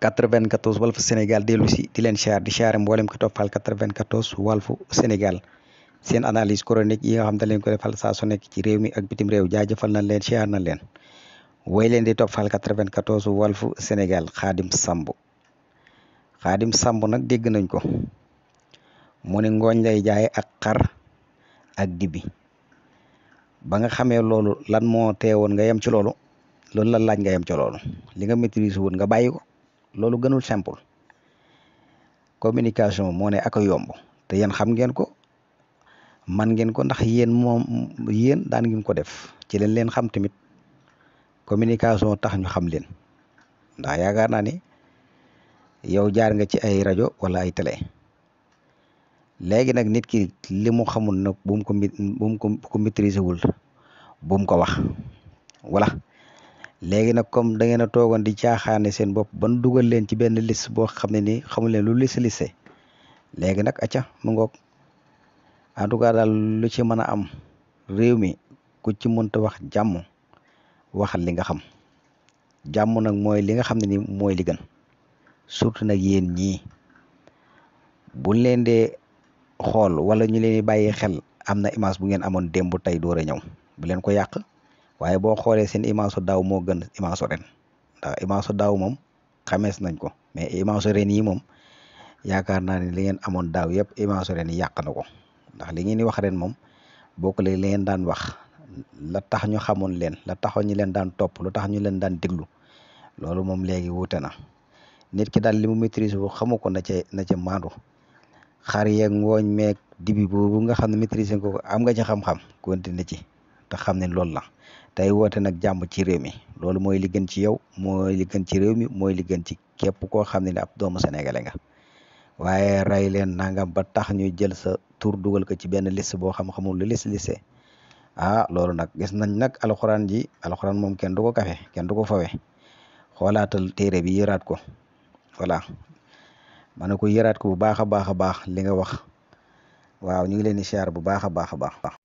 94 Walfu Sénégal dellu si di leen siyaar di siyaare mboolem ko toppal 94 Walfu Sénégal seen analyse chronique yi nga xam ne leen ko defal saa su nekk ci réew mi ak bitim réew jaajëfal nañ leen siyaar nañ leen woy leen di toppal 94 Walfu Sénégal Xaadim Samb Xaadim Samb nag dégg nañ ko mu ne ngooñ lay jaaye ak xar ak dibi ba nga xamee loolu lan moo teewoon nga yem ci loolu loolu lan laaj nga yem ci loolu li nga maîtrise woon nga bàyyi ko loolu gënul simple communication moo ne ak yomb te yéen xam ngeen ko man ngeen ko ndax yéen moom yéen daan ngeen ko def ci leen leen xam tamit communication tax ñu xam leen ndax yaakaar naa ni yow jaar nga ci ay rajo wala ay télé léegi nag nit ki li mu xamul nag bu mu ko bu ko maîtriser wul bu ko wax wala léegi nag comme dangeen a toogoon di caaxaane seen bopp ban dugal leen ci benn liste boo xam ne ni xamu leen lis liste liste léegi nag acca mu ngoog en tout cas daal lu ci mën a am réew mi ku ci mënta wax jàmm waxal li nga xam jàmm nag mooy li nga xam ne ni mooy li gën surtout nag yéen ñii bu leen dee xool wala ñu leen di bàyyi xel am na image bu ngeen amoon démb tey door a ñëw bu leen ko yàq waaye boo xoolee seen image su daaw moo gën image su ren ndax image su daaw moom xamees nañ ko mais image su yi moom yaakaar naa ne li ngeen amoon daaw yëpp image su ren yàq na ko ndax li ngeen di wax ren moom bokkul li ngeen daan wax la tax ñu xamoon leen la taxoon ñu leen daan topp lu tax ñu leen daan déglu loolu moom léegi wuute na nit ki daal limu mu maîtrise bu ko na ca na ca maandu xar yeeg ngooñ meeg dibi boobu nga xam ne maîtrise ko am nga ci xam-xam continuer ci te xam ne loolu la tey woote nag jàmm ci réew mi loolu mooy liggan ci yow mooy liggan gën ci réew mi mooy li ci képp koo xam ne ne ab doomu sénégalais nga waaye rey leen nangam ba tax ñuy jël sa tur dugal ko ci benn liste boo xam xamul lu liste liste ah loolu nag gis nañ nag alxuraan ji alxuraan moom kenn du ko kafe kenn du ko fawe xoolaatal téere bi yëraat ko voilà ma ne ko yëraat ko bu baax a baax a baax li nga wax waaw ñu ngi leen di siyaar bu baax a baax a baax.